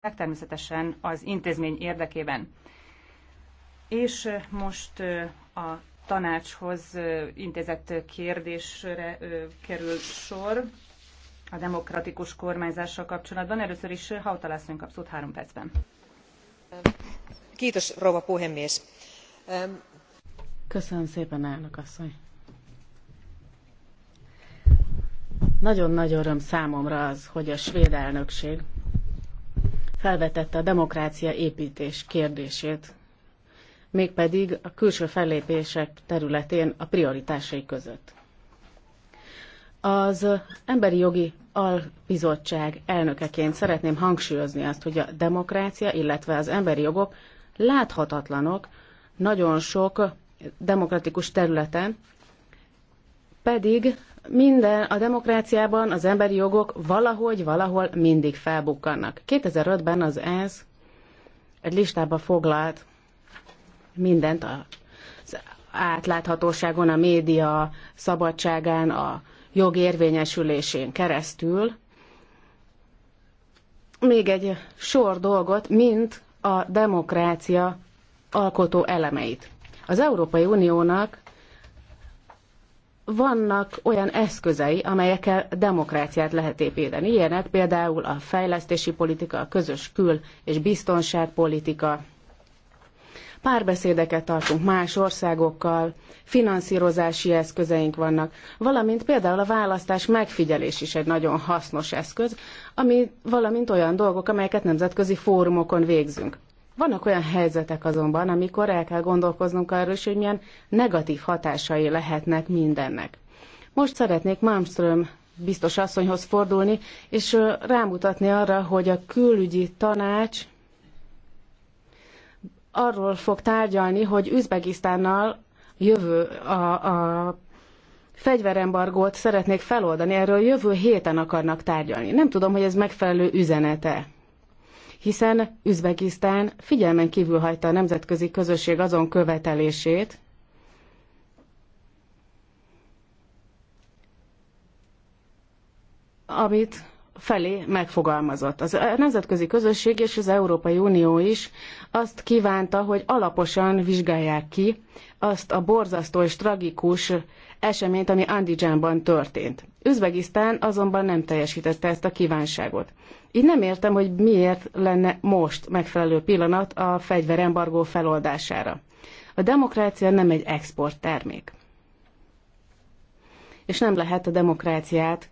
természetesen az intézmény érdekében. És most a tanácshoz intézett kérdésre kerül sor a demokratikus kormányzással kapcsolatban. Először is Hautalászony kap szót három percben. Kétos, Róva puhemies. Köszönöm szépen, elnök asszony. Nagyon nagy öröm számomra az, hogy a svéd elnökség felvetette a demokrácia építés kérdését, mégpedig a külső fellépések területén a prioritásai között. Az Emberi Jogi Albizottság elnökeként szeretném hangsúlyozni azt, hogy a demokrácia, illetve az emberi jogok láthatatlanok nagyon sok demokratikus területen, pedig minden a demokráciában az emberi jogok valahogy, valahol mindig felbukkannak. 2005-ben az ENSZ egy listába foglalt mindent az átláthatóságon, a média szabadságán, a jog érvényesülésén keresztül, még egy sor dolgot, mint a demokrácia alkotó elemeit. Az Európai Uniónak vannak olyan eszközei, amelyekkel demokráciát lehet építeni. Ilyenek például a fejlesztési politika, a közös kül- és biztonságpolitika. Párbeszédeket tartunk más országokkal, finanszírozási eszközeink vannak, valamint például a választás megfigyelés is egy nagyon hasznos eszköz, ami, valamint olyan dolgok, amelyeket nemzetközi fórumokon végzünk. Vannak olyan helyzetek azonban, amikor el kell gondolkoznunk arról is, hogy milyen negatív hatásai lehetnek mindennek. Most szeretnék Malmström biztos asszonyhoz fordulni, és rámutatni arra, hogy a külügyi tanács arról fog tárgyalni, hogy Üzbegisztánnal jövő a, a fegyverembargót szeretnék feloldani, erről jövő héten akarnak tárgyalni. Nem tudom, hogy ez megfelelő üzenete hiszen Üzbegisztán figyelmen kívül hagyta a nemzetközi közösség azon követelését, amit felé megfogalmazott. Az a nemzetközi közösség és az Európai Unió is azt kívánta, hogy alaposan vizsgálják ki azt a borzasztó és tragikus eseményt, ami Andijanban történt. Üzbegisztán azonban nem teljesítette ezt a kívánságot. Így nem értem, hogy miért lenne most megfelelő pillanat a fegyverembargó feloldására. A demokrácia nem egy exporttermék. És nem lehet a demokráciát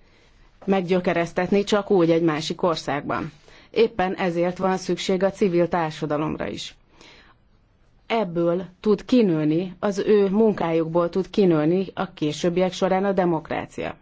meggyökeresztetni csak úgy egy másik országban. Éppen ezért van szükség a civil társadalomra is. Ebből tud kinőni, az ő munkájukból tud kinőni a későbbiek során a demokrácia.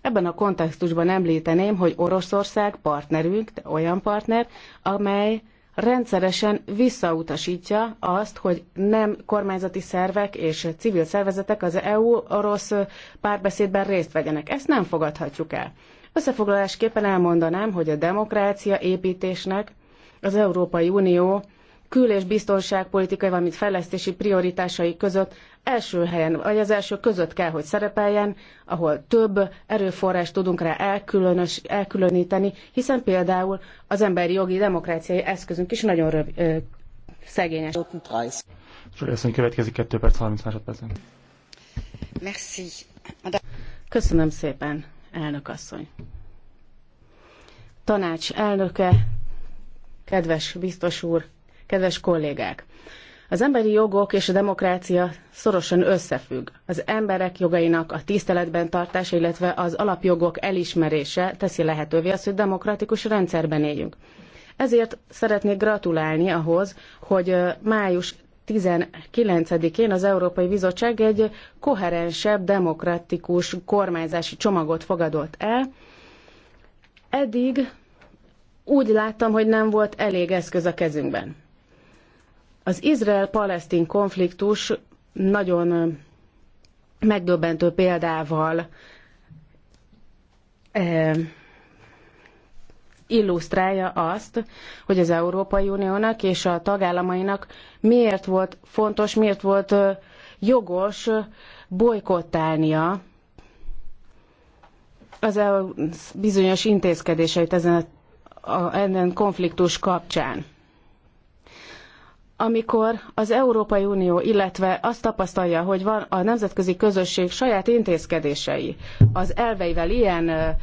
Ebben a kontextusban említeném, hogy Oroszország partnerünk, de olyan partner, amely rendszeresen visszautasítja azt, hogy nem kormányzati szervek és civil szervezetek az EU-orosz párbeszédben részt vegyenek. Ezt nem fogadhatjuk el. Összefoglalásképpen elmondanám, hogy a demokrácia építésnek az Európai Unió kül- és biztonságpolitikai, valamint fejlesztési prioritásai között első helyen, vagy az első között kell, hogy szerepeljen, ahol több erőforrást tudunk rá elkülönös, elkülöníteni, hiszen például az emberi jogi demokráciai eszközünk is nagyon röv, ö, szegényes. Köszönöm, következik 2 perc 30 másodpercen. Merci. Köszönöm szépen elnök asszony. Tanács elnöke, kedves biztos úr, kedves kollégák! Az emberi jogok és a demokrácia szorosan összefügg. Az emberek jogainak a tiszteletben tartása, illetve az alapjogok elismerése teszi lehetővé azt, hogy demokratikus rendszerben éljünk. Ezért szeretnék gratulálni ahhoz, hogy május 19-én az Európai Bizottság egy koherensebb, demokratikus kormányzási csomagot fogadott el. Eddig úgy láttam, hogy nem volt elég eszköz a kezünkben. Az Izrael-Palesztin konfliktus nagyon megdöbbentő példával illusztrálja azt, hogy az Európai Uniónak és a tagállamainak miért volt fontos, miért volt jogos bolykottálnia az EU bizonyos intézkedéseit ezen a, a, ezen konfliktus kapcsán. Amikor az Európai Unió, illetve azt tapasztalja, hogy van a nemzetközi közösség saját intézkedései, az elveivel ilyen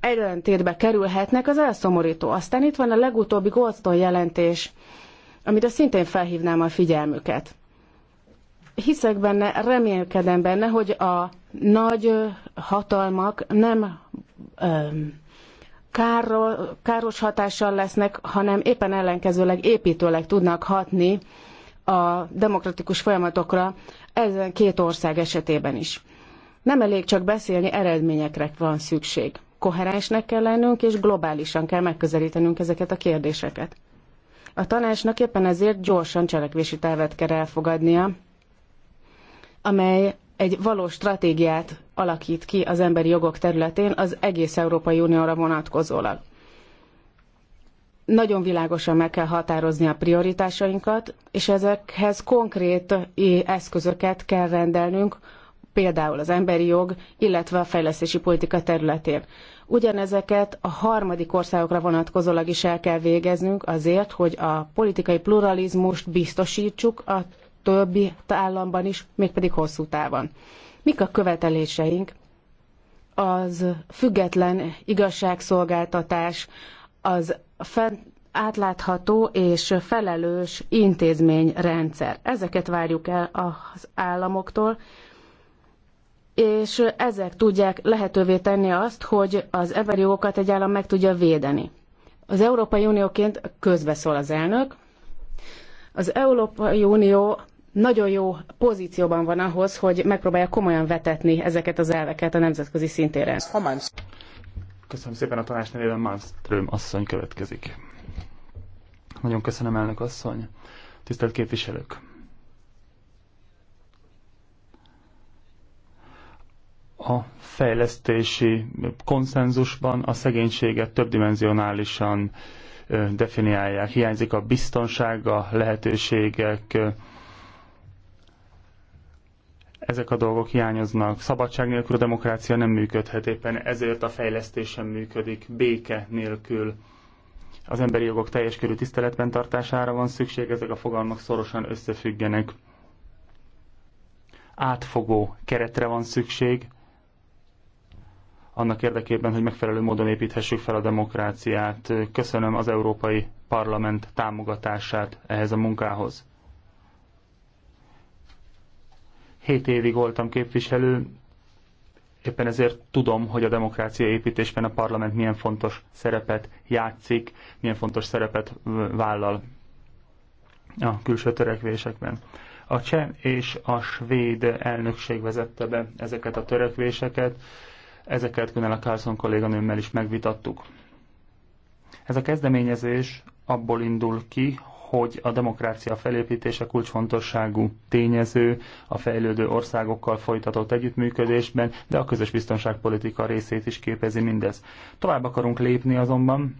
ellentétbe kerülhetnek, az elszomorító. Aztán itt van a legutóbbi Goldstone jelentés, amire szintén felhívnám a figyelmüket. Hiszek benne, remélkedem benne, hogy a nagy hatalmak nem öm, káros hatással lesznek, hanem éppen ellenkezőleg építőleg tudnak hatni a demokratikus folyamatokra ezen két ország esetében is. Nem elég csak beszélni, eredményekre van szükség koherensnek kell lennünk, és globálisan kell megközelítenünk ezeket a kérdéseket. A tanácsnak éppen ezért gyorsan cselekvési tervet kell elfogadnia, amely egy valós stratégiát alakít ki az emberi jogok területén az egész Európai Unióra vonatkozólag. Nagyon világosan meg kell határozni a prioritásainkat, és ezekhez konkrét eh, eszközöket kell rendelnünk, például az emberi jog, illetve a fejlesztési politika területén. Ugyanezeket a harmadik országokra vonatkozólag is el kell végeznünk azért, hogy a politikai pluralizmust biztosítsuk a többi államban is, mégpedig hosszú távon. Mik a követeléseink? Az független igazságszolgáltatás, az fent, átlátható és felelős intézményrendszer. Ezeket várjuk el az államoktól, és ezek tudják lehetővé tenni azt, hogy az emberi jogokat egy állam meg tudja védeni. Az Európai Unióként közbeszól az elnök. Az Európai Unió nagyon jó pozícióban van ahhoz, hogy megpróbálja komolyan vetetni ezeket az elveket a nemzetközi szintéren. Köszönöm szépen a tanács nevében, Malmström asszony következik. Nagyon köszönöm, elnök asszony. Tisztelt képviselők! a fejlesztési konszenzusban a szegénységet többdimenzionálisan definiálják. Hiányzik a biztonság, a lehetőségek, ezek a dolgok hiányoznak. Szabadság nélkül a demokrácia nem működhet, éppen ezért a fejlesztés sem működik, béke nélkül. Az emberi jogok teljes körű tiszteletben tartására van szükség, ezek a fogalmak szorosan összefüggenek. Átfogó keretre van szükség, annak érdekében, hogy megfelelő módon építhessük fel a demokráciát. Köszönöm az Európai Parlament támogatását ehhez a munkához. Hét évig voltam képviselő, éppen ezért tudom, hogy a demokrácia építésben a parlament milyen fontos szerepet játszik, milyen fontos szerepet vállal a külső törekvésekben. A cseh és a svéd elnökség vezette be ezeket a törekvéseket Ezeket Gunella Carlson kolléganőmmel is megvitattuk. Ez a kezdeményezés abból indul ki, hogy a demokrácia felépítése kulcsfontosságú tényező a fejlődő országokkal folytatott együttműködésben, de a közös biztonságpolitika részét is képezi mindez. Tovább akarunk lépni azonban,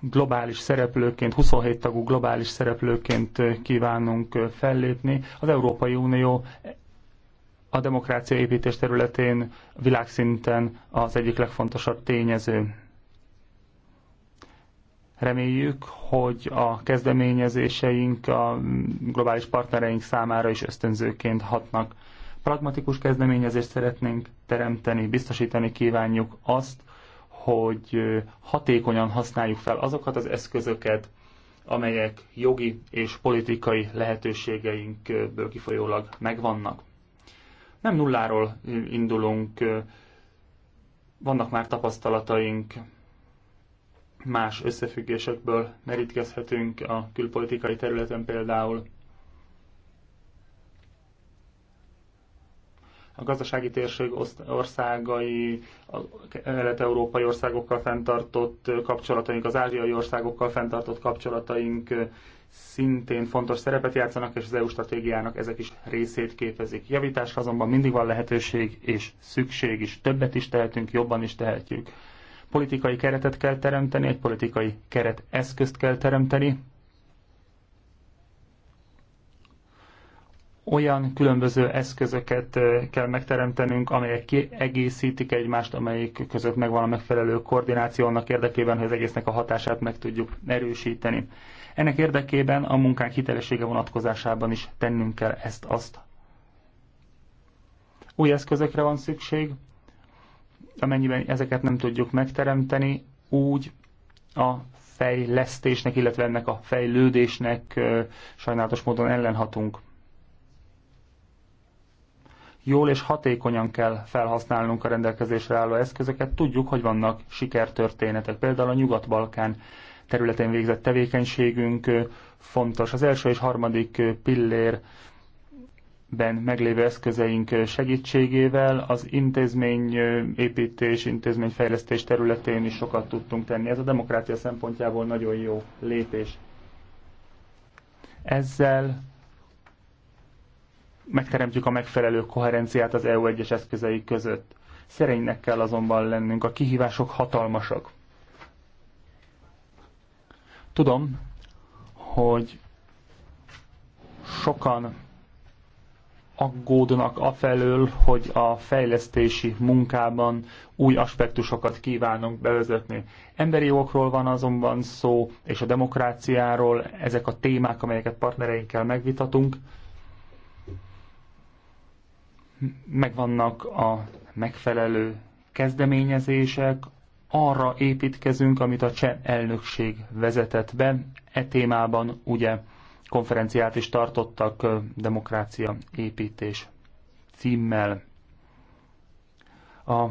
globális szereplőként, 27 tagú globális szereplőként kívánunk fellépni. Az Európai Unió a demokrácia építés területén világszinten az egyik legfontosabb tényező. Reméljük, hogy a kezdeményezéseink a globális partnereink számára is ösztönzőként hatnak. Pragmatikus kezdeményezést szeretnénk teremteni, biztosítani kívánjuk azt, hogy hatékonyan használjuk fel azokat az eszközöket, amelyek jogi és politikai lehetőségeinkből kifolyólag megvannak. Nem nulláról indulunk, vannak már tapasztalataink, más összefüggésekből merítkezhetünk a külpolitikai területen például. a gazdasági térség országai, a kelet-európai országokkal fenntartott kapcsolataink, az ázsiai országokkal fenntartott kapcsolataink szintén fontos szerepet játszanak, és az EU stratégiának ezek is részét képezik. Javítás azonban mindig van lehetőség és szükség is. Többet is tehetünk, jobban is tehetjük. Politikai keretet kell teremteni, egy politikai keret eszközt kell teremteni, olyan különböző eszközöket eh, kell megteremtenünk, amelyek kiegészítik egymást, amelyik között megvan a megfelelő koordináció annak érdekében, hogy az egésznek a hatását meg tudjuk erősíteni. Ennek érdekében a munkánk hitelessége vonatkozásában is tennünk kell ezt-azt. Új eszközökre van szükség, amennyiben ezeket nem tudjuk megteremteni, úgy a fejlesztésnek, illetve ennek a fejlődésnek eh, sajnálatos módon ellenhatunk jól és hatékonyan kell felhasználnunk a rendelkezésre álló eszközöket. Tudjuk, hogy vannak sikertörténetek. Például a Nyugat-Balkán területén végzett tevékenységünk fontos. Az első és harmadik pillér ben meglévő eszközeink segítségével az intézményépítés, intézményfejlesztés területén is sokat tudtunk tenni. Ez a demokrácia szempontjából nagyon jó lépés. Ezzel megteremtjük a megfelelő koherenciát az EU egyes eszközei között. Szerénynek kell azonban lennünk, a kihívások hatalmasak. Tudom, hogy sokan aggódnak afelől, hogy a fejlesztési munkában új aspektusokat kívánunk bevezetni. Emberi jogokról van azonban szó, és a demokráciáról ezek a témák, amelyeket partnereinkkel megvitatunk megvannak a megfelelő kezdeményezések, arra építkezünk, amit a cseh elnökség vezetett be. E témában ugye konferenciát is tartottak demokrácia építés címmel. A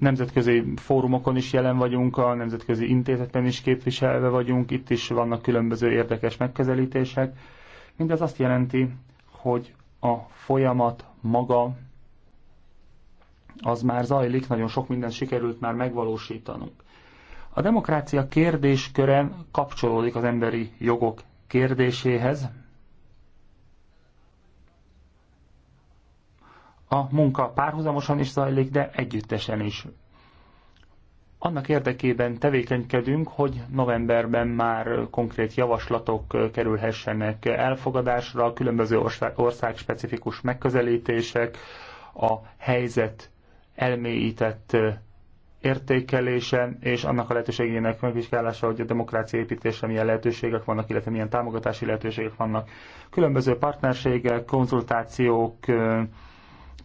nemzetközi fórumokon is jelen vagyunk, a nemzetközi intézetben is képviselve vagyunk, itt is vannak különböző érdekes megközelítések. Mindez azt jelenti, hogy a folyamat maga az már zajlik, nagyon sok mindent sikerült már megvalósítanunk. A demokrácia kérdésköre kapcsolódik az emberi jogok kérdéséhez. A munka párhuzamosan is zajlik, de együttesen is annak érdekében tevékenykedünk, hogy novemberben már konkrét javaslatok kerülhessenek elfogadásra, különböző ország specifikus megközelítések, a helyzet elmélyített értékelése és annak a lehetőségének megvizsgálása, hogy a demokrácia építése milyen lehetőségek vannak, illetve milyen támogatási lehetőségek vannak. Különböző partnerségek, konzultációk,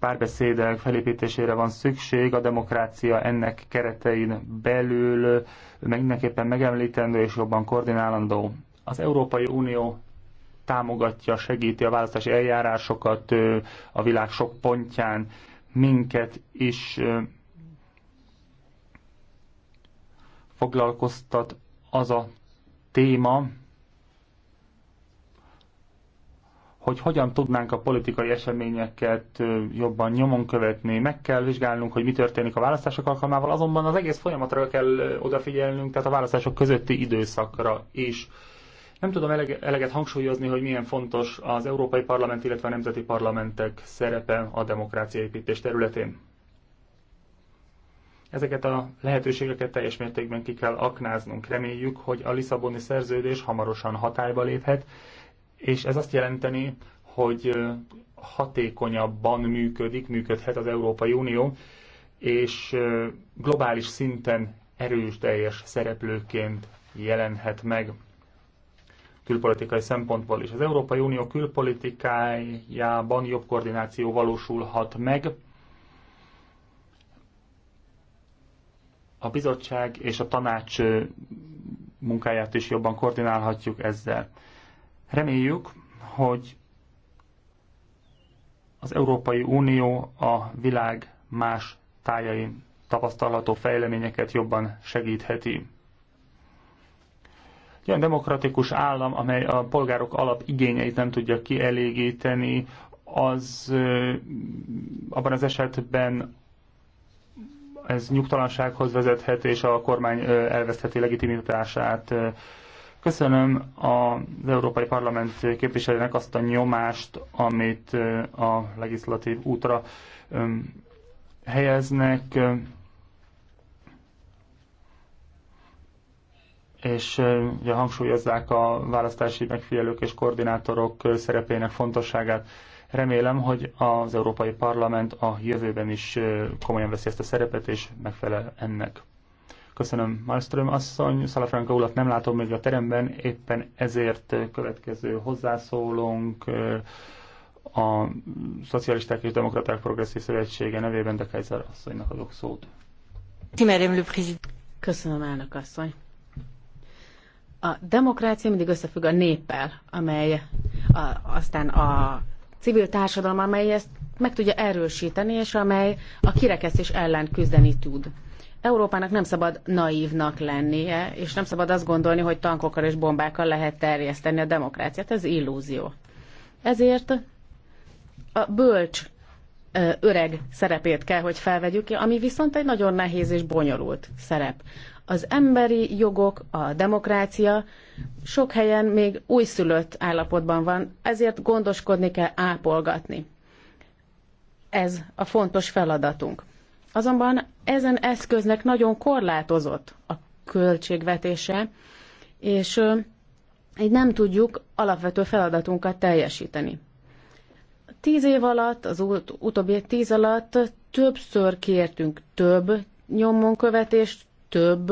párbeszédek felépítésére van szükség, a demokrácia ennek keretein belül mindenképpen megemlítendő és jobban koordinálandó. Az Európai Unió támogatja, segíti a választási eljárásokat a világ sok pontján, minket is foglalkoztat az a téma, hogy hogyan tudnánk a politikai eseményeket jobban nyomon követni. Meg kell vizsgálnunk, hogy mi történik a választások alkalmával, azonban az egész folyamatra kell odafigyelnünk, tehát a választások közötti időszakra is. Nem tudom eleget hangsúlyozni, hogy milyen fontos az Európai Parlament, illetve a nemzeti parlamentek szerepe a demokráciaépítés területén. Ezeket a lehetőségeket teljes mértékben ki kell aknáznunk. Reméljük, hogy a Lisszaboni szerződés hamarosan hatályba léphet, és ez azt jelenteni, hogy hatékonyabban működik, működhet az Európai Unió, és globális szinten erős teljes szereplőként jelenhet meg külpolitikai szempontból is. Az Európai Unió külpolitikájában jobb koordináció valósulhat meg. A bizottság és a tanács munkáját is jobban koordinálhatjuk ezzel. Reméljük, hogy az Európai Unió a világ más tájain tapasztalható fejleményeket jobban segítheti. Olyan demokratikus állam, amely a polgárok alap igényeit nem tudja kielégíteni, az abban az esetben ez nyugtalansághoz vezethet, és a kormány elvesztheti legitimitását, Köszönöm az Európai Parlament képviselőnek azt a nyomást, amit a legislatív útra helyeznek, és ugye hangsúlyozzák a választási megfigyelők és koordinátorok szerepének fontosságát. Remélem, hogy az Európai Parlament a jövőben is komolyan veszi ezt a szerepet, és megfelel ennek. Köszönöm Malmström asszony, Szalafranka urat nem látom még a teremben, éppen ezért következő hozzászólónk a Szocialisták és Demokraták Progresszív Szövetsége nevében de Kaiser asszonynak adok szót. Köszönöm, elnök asszony. A demokrácia mindig összefügg a néppel, amely a, aztán a civil társadalom, amely ezt meg tudja erősíteni, és amely a kirekesztés ellen küzdeni tud. Európának nem szabad naívnak lennie, és nem szabad azt gondolni, hogy tankokkal és bombákkal lehet terjeszteni a demokráciát. Ez illúzió. Ezért a bölcs öreg szerepét kell, hogy felvegyük, ami viszont egy nagyon nehéz és bonyolult szerep. Az emberi jogok, a demokrácia sok helyen még újszülött állapotban van, ezért gondoskodni kell ápolgatni. Ez a fontos feladatunk. Azonban ezen eszköznek nagyon korlátozott a költségvetése, és így nem tudjuk alapvető feladatunkat teljesíteni. Tíz év alatt, az ut- utóbbi tíz alatt többször kértünk több nyomonkövetést, több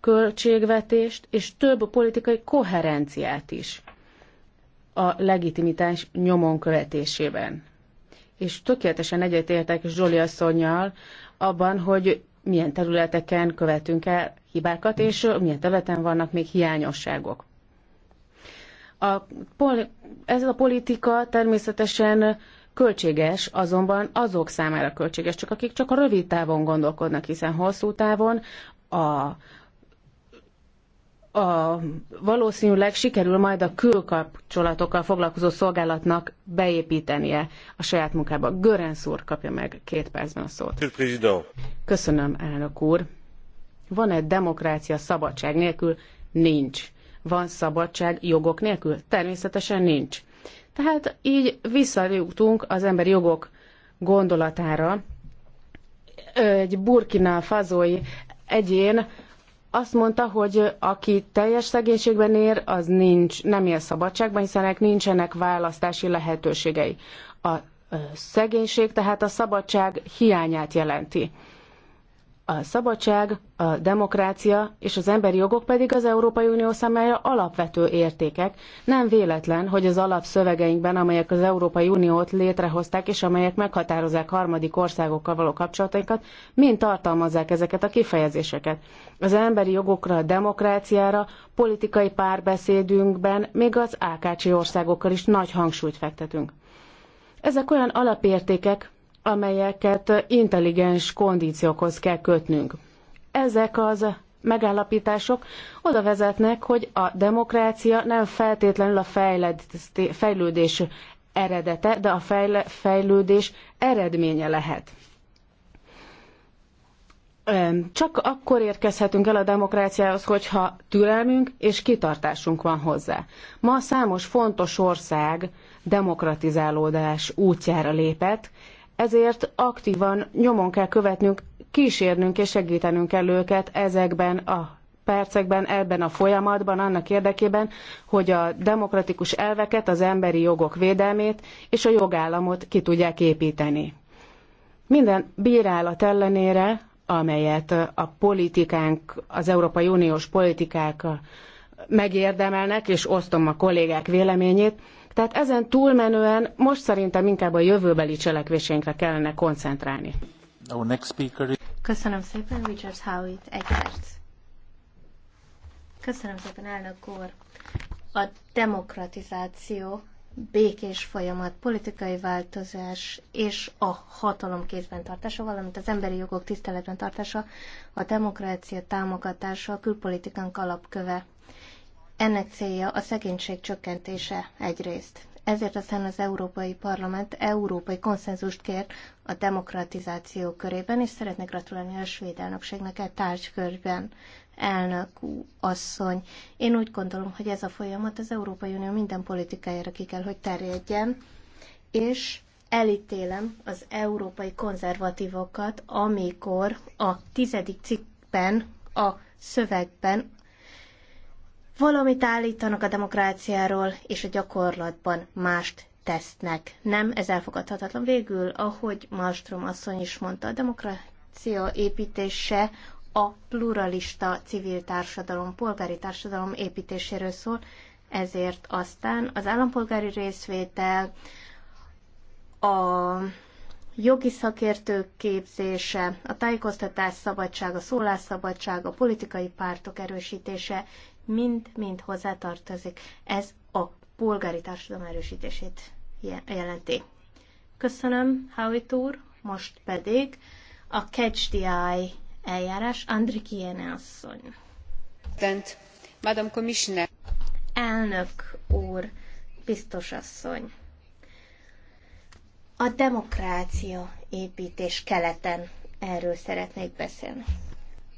költségvetést és több politikai koherenciát is a legitimitás nyomonkövetésében és tökéletesen egyetértek Zsoli asszonynal abban, hogy milyen területeken követünk el hibákat, és milyen területen vannak még hiányosságok. A ez a politika természetesen költséges, azonban azok számára költséges, csak akik csak a rövid távon gondolkodnak, hiszen hosszú távon a a, valószínűleg sikerül majd a külkapcsolatokkal foglalkozó szolgálatnak beépítenie a saját munkába. Görensz úr kapja meg két percben a szót. Köszönöm, elnök úr. Van-e demokrácia szabadság nélkül? Nincs. Van szabadság jogok nélkül? Természetesen nincs. Tehát így visszajutunk az emberi jogok gondolatára. Egy burkina fazói egyén azt mondta, hogy aki teljes szegénységben ér, az nincs, nem él szabadságban, hiszen nincsenek választási lehetőségei. A szegénység tehát a szabadság hiányát jelenti. A szabadság, a demokrácia és az emberi jogok pedig az Európai Unió számára alapvető értékek. Nem véletlen, hogy az alapszövegeinkben, amelyek az Európai Uniót létrehozták és amelyek meghatározzák harmadik országokkal való kapcsolatainkat, mind tartalmazzák ezeket a kifejezéseket. Az emberi jogokra, a demokráciára, politikai párbeszédünkben még az ákácsi országokkal is nagy hangsúlyt fektetünk. Ezek olyan alapértékek, amelyeket intelligens kondíciókhoz kell kötnünk. Ezek az megállapítások oda vezetnek, hogy a demokrácia nem feltétlenül a fejlődés eredete, de a fejlődés eredménye lehet. Csak akkor érkezhetünk el a demokráciához, hogyha türelmünk és kitartásunk van hozzá. Ma számos fontos ország demokratizálódás útjára lépett, ezért aktívan nyomon kell követnünk, kísérnünk és segítenünk kell őket ezekben a percekben, ebben a folyamatban, annak érdekében, hogy a demokratikus elveket, az emberi jogok védelmét és a jogállamot ki tudják építeni. Minden bírálat ellenére, amelyet a politikánk, az Európai Uniós politikák megérdemelnek, és osztom a kollégák véleményét, tehát ezen túlmenően most szerintem inkább a jövőbeli cselekvéseinkre kellene koncentrálni. Our next speaker is... Köszönöm szépen, Richard Howitt, egy perc. Köszönöm szépen, elnök úr. A demokratizáció, békés folyamat, politikai változás és a hatalom kézben tartása, valamint az emberi jogok tiszteletben tartása, a demokrácia támogatása a külpolitikánk alapköve. Ennek célja a szegénység csökkentése egyrészt. Ezért aztán az Európai Parlament európai konszenzust kér a demokratizáció körében, és szeretnék gratulálni a svéd elnökségnek egy tárgykörben elnök asszony. Én úgy gondolom, hogy ez a folyamat az Európai Unió minden politikájára ki kell, hogy terjedjen, és elítélem az európai konzervatívokat, amikor a tizedik cikkben, a szövegben valamit állítanak a demokráciáról, és a gyakorlatban mást tesznek. Nem, ez elfogadhatatlan. Végül, ahogy Malmström asszony is mondta, a demokrácia építése a pluralista civil társadalom, polgári társadalom építéséről szól, ezért aztán az állampolgári részvétel, a jogi szakértők képzése, a tájékoztatás szabadsága, a szólásszabadság, a politikai pártok erősítése mind-mind hozzátartozik. Ez a polgári társadalom erősítését jelenti. Köszönöm, Howitt úr, most pedig a Catch the Eye eljárás Andrikiene asszony. Tent. Madam Commissioner. Elnök úr, biztos asszony. A demokrácia építés keleten erről szeretnék beszélni.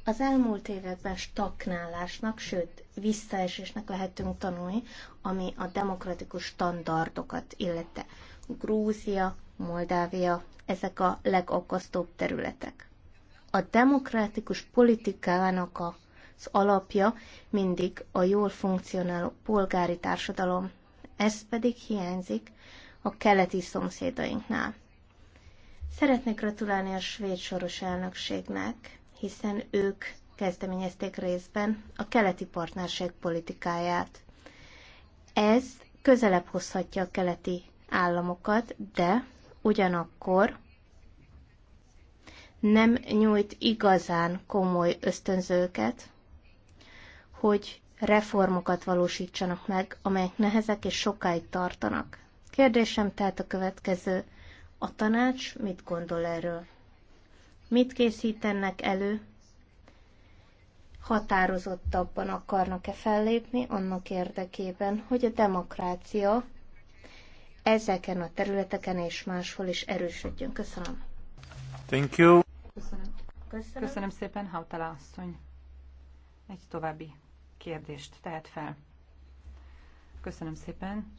Az elmúlt években stagnálásnak, sőt visszaesésnek lehetünk tanulni, ami a demokratikus standardokat illette. Grúzia, Moldávia, ezek a legakasztóbb területek. A demokratikus politikának az alapja mindig a jól funkcionáló polgári társadalom. Ez pedig hiányzik a keleti szomszédainknál. Szeretnék gratulálni a svéd soros elnökségnek, hiszen ők kezdeményezték részben a keleti partnerség politikáját. Ez közelebb hozhatja a keleti államokat, de ugyanakkor nem nyújt igazán komoly ösztönzőket, hogy reformokat valósítsanak meg, amelyek nehezek és sokáig tartanak. Kérdésem tehát a következő. A tanács mit gondol erről? mit készítenek elő, határozottabban akarnak-e fellépni annak érdekében, hogy a demokrácia ezeken a területeken és máshol is erősödjön. Köszönöm. Thank you. Köszönöm. Köszönöm, Köszönöm szépen, Hautala asszony. Egy további kérdést tehet fel. Köszönöm szépen.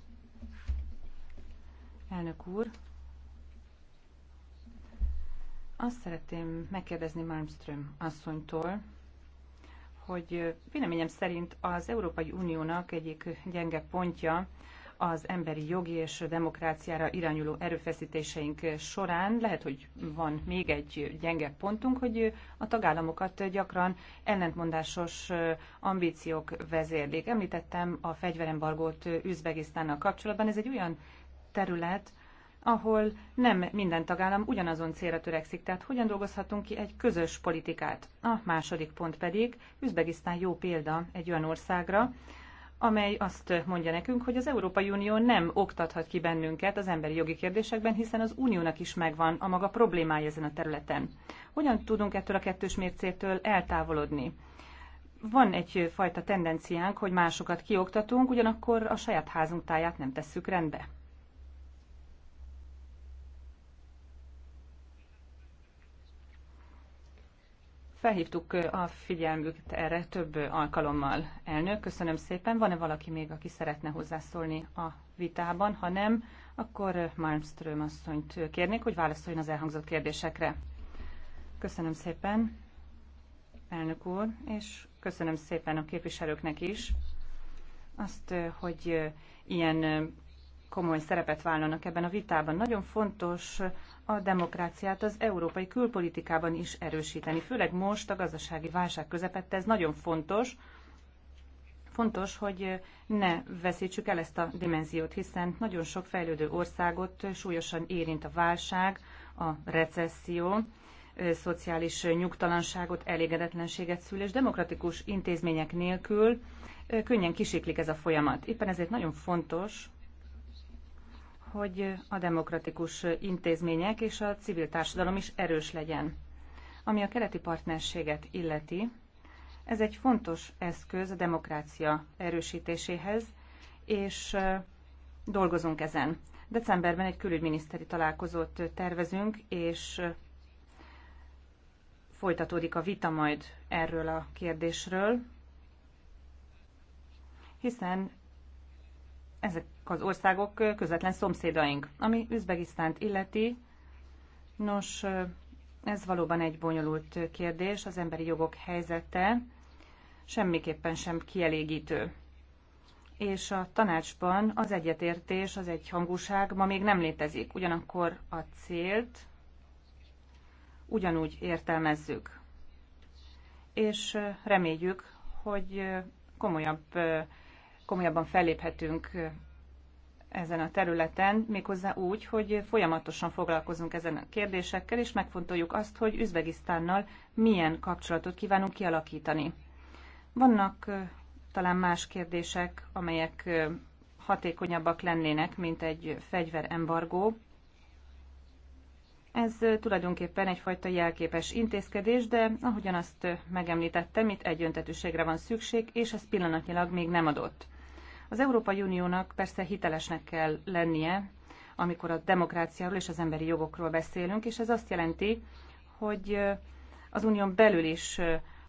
Elnök úr, azt szeretném megkérdezni Malmström asszonytól, hogy véleményem szerint az Európai Uniónak egyik gyenge pontja az emberi jogi és demokráciára irányuló erőfeszítéseink során lehet, hogy van még egy gyenge pontunk, hogy a tagállamokat gyakran ellentmondásos ambíciók vezérlik. Említettem a fegyverembargót Üzbegisztánnal kapcsolatban. Ez egy olyan terület, ahol nem minden tagállam ugyanazon célra törekszik, tehát hogyan dolgozhatunk ki egy közös politikát. A második pont pedig, Üzbegisztán jó példa egy olyan országra, amely azt mondja nekünk, hogy az Európai Unió nem oktathat ki bennünket az emberi jogi kérdésekben, hiszen az uniónak is megvan a maga problémája ezen a területen. Hogyan tudunk ettől a kettős mércétől eltávolodni? Van egyfajta tendenciánk, hogy másokat kioktatunk, ugyanakkor a saját házunk táját nem tesszük rendbe. felhívtuk a figyelmüket erre több alkalommal. Elnök, köszönöm szépen. Van-e valaki még, aki szeretne hozzászólni a vitában? Ha nem, akkor Malmström asszonyt kérnék, hogy válaszoljon az elhangzott kérdésekre. Köszönöm szépen, elnök úr, és köszönöm szépen a képviselőknek is azt, hogy ilyen komoly szerepet vállalnak ebben a vitában. Nagyon fontos a demokráciát az európai külpolitikában is erősíteni, főleg most a gazdasági válság közepette, ez nagyon fontos. Fontos, hogy ne veszítsük el ezt a dimenziót, hiszen nagyon sok fejlődő országot súlyosan érint a válság, a recesszió, szociális nyugtalanságot, elégedetlenséget szül, és demokratikus intézmények nélkül könnyen kisiklik ez a folyamat. Éppen ezért nagyon fontos, hogy a demokratikus intézmények és a civil társadalom is erős legyen. Ami a keleti partnerséget illeti, ez egy fontos eszköz a demokrácia erősítéséhez, és dolgozunk ezen. Decemberben egy külügyminiszteri találkozót tervezünk, és folytatódik a vita majd erről a kérdésről, hiszen ezek az országok közvetlen szomszédaink. Ami Üzbegisztánt illeti, nos, ez valóban egy bonyolult kérdés, az emberi jogok helyzete semmiképpen sem kielégítő. És a tanácsban az egyetértés, az egyhangúság ma még nem létezik, ugyanakkor a célt ugyanúgy értelmezzük. És reméljük, hogy komolyabb, komolyabban felléphetünk ezen a területen, méghozzá úgy, hogy folyamatosan foglalkozunk ezen a kérdésekkel, és megfontoljuk azt, hogy Üzbegisztánnal milyen kapcsolatot kívánunk kialakítani. Vannak talán más kérdések, amelyek hatékonyabbak lennének, mint egy fegyverembargó. Ez tulajdonképpen egyfajta jelképes intézkedés, de ahogyan azt megemlítettem, itt egyöntetűségre van szükség, és ez pillanatnyilag még nem adott. Az Európai Uniónak persze hitelesnek kell lennie, amikor a demokráciáról és az emberi jogokról beszélünk, és ez azt jelenti, hogy az unión belül is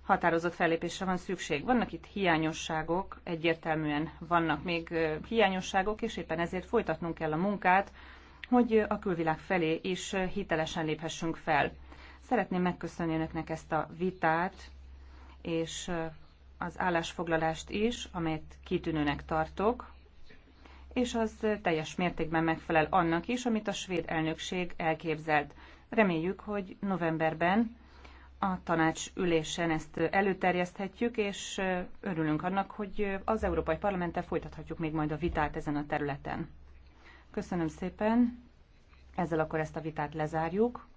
határozott fellépésre van szükség. Vannak itt hiányosságok, egyértelműen vannak még hiányosságok, és éppen ezért folytatnunk kell a munkát, hogy a külvilág felé is hitelesen léphessünk fel. Szeretném megköszönni önöknek ezt a vitát, és az állásfoglalást is, amelyet kitűnőnek tartok, és az teljes mértékben megfelel annak is, amit a svéd elnökség elképzelt. Reméljük, hogy novemberben a tanács ülésen ezt előterjeszthetjük, és örülünk annak, hogy az Európai Parlamenttel folytathatjuk még majd a vitát ezen a területen. Köszönöm szépen, ezzel akkor ezt a vitát lezárjuk.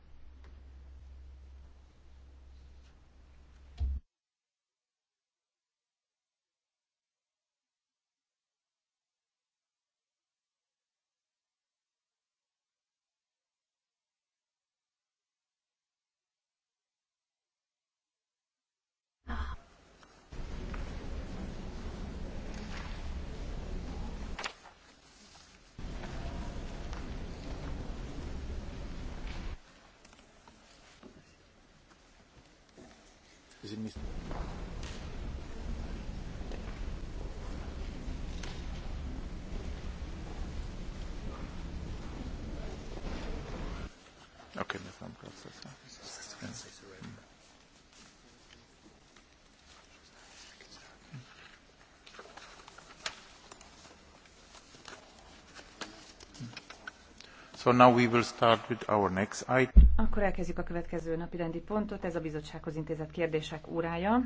Okay, that's not process. So now we will start with our next item. Akkor elkezdjük a következő napi rendi pontot, ez a bizottsághoz intézett kérdések órája.